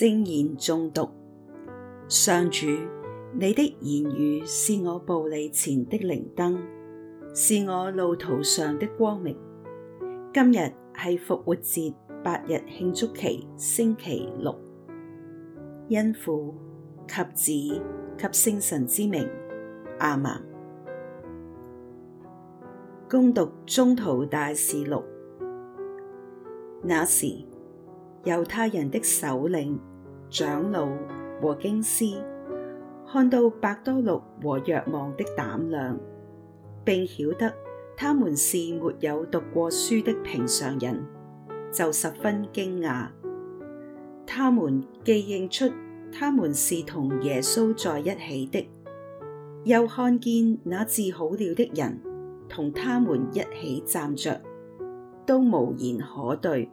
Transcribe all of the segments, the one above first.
聖言誦讀，上主，你的言語是我步履前的靈燈，是我路途上的光明。今日係復活節八日慶祝期，星期六，因父及子及聖神之名，阿門。恭讀《宗徒大事錄》，那時猶太人的首領。長老和經師看到伯多祿和若望的膽量，並曉得他們是沒有讀過書的平常人，就十分驚訝。他們既認出他們是同耶穌在一起的，又看見那治好了的人同他們一起站着，都無言可對，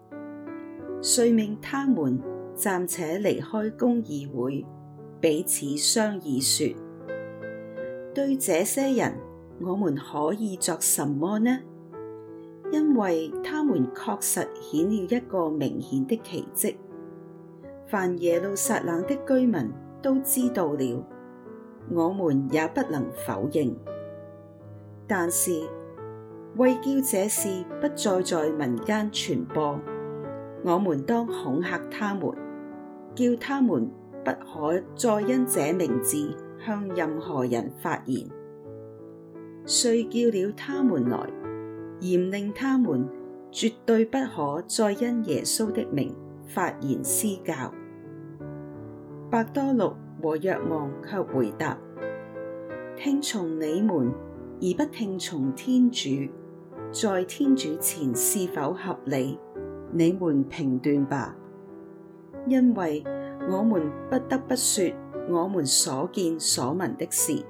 遂命他們。暫且離開公議會，彼此商議說：對這些人，我們可以作什麼呢？因為他們確實顯了一個明顯的奇跡，凡耶路撒冷的居民都知道了，我們也不能否認。但是，為叫這事不再在民間傳播，我們當恐嚇他們。叫他們不可再因這名字向任何人發言，遂叫了他們來，嚴令他們絕對不可再因耶穌的名發言施教。伯多祿和若望卻回答：聽從你們而不聽從天主，在天主前是否合理？你們評斷吧。因為我們不得不說我們所見所聞的事，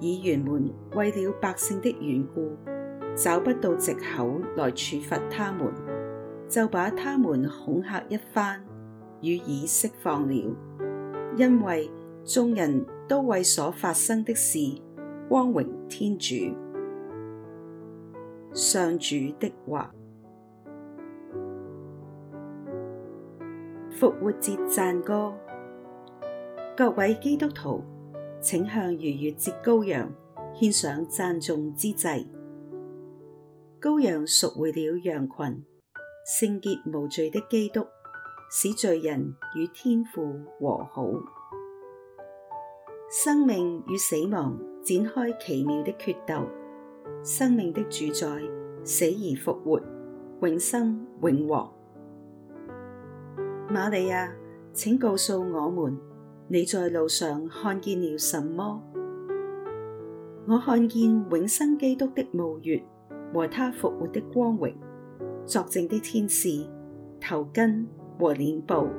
議員們為了百姓的緣故，找不到藉口來處罰他們，就把他們恐嚇一番，予以釋放了。因為眾人都為所發生的事光榮天主。上主的話。復活節讚歌，各位基督徒，請向逾越節羔羊獻上讚頌之祭。羔羊贖回了羊群，聖潔無罪的基督使罪人與天父和好。生命與死亡展開奇妙的決鬥，生命的主宰，死而復活，永生永王。瑪利亞，請告訴我們，你在路上看見了什麼？我看見永生基督的墓穴和他復活的光榮，作證的天使頭巾和殮布。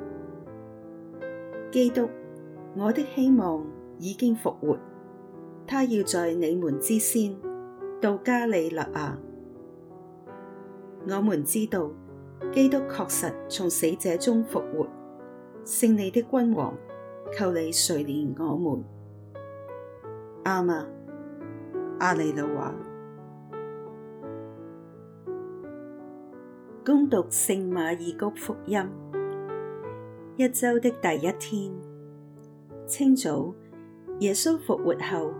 基督，我的希望已經復活，他要在你們之先到加里肋亞。我們知道。基督確實從死者中復活，勝利的君王，求你垂憐我們，亞孟，亞肋路亞。恭讀聖馬爾谷福音。一周的第一天，清早，耶穌復活後，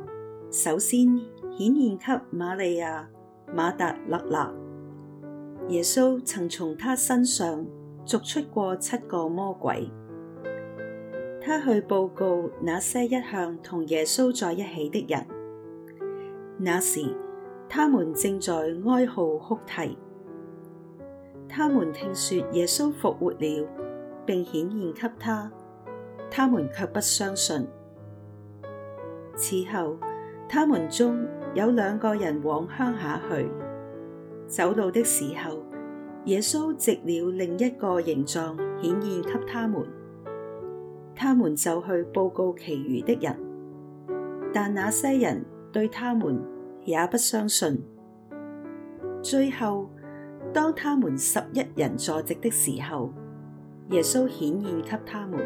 首先顯現給瑪利亞馬達肋納。耶穌曾從他身上逐出過七個魔鬼。他去報告那些一向同耶穌在一起的人，那時他們正在哀號哭啼。他們聽說耶穌復活了，並顯現給他，他們卻不相信。此後，他們中有兩個人往鄉下去。走路的時候，耶穌藉了另一個形狀顯現給他們，他們就去報告其餘的人，但那些人對他們也不相信。最後，當他們十一人坐席的時候，耶穌顯現給他們，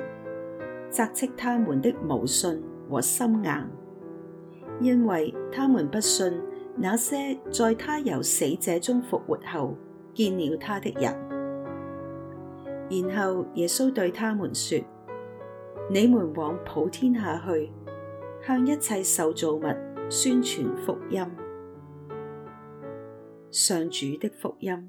責斥他們的無信和心硬，因為他們不信，那些在他由死者中復活後見了他的人，然後耶穌對他們說：你們往普天下去，向一切受造物宣傳福音。上主的福音。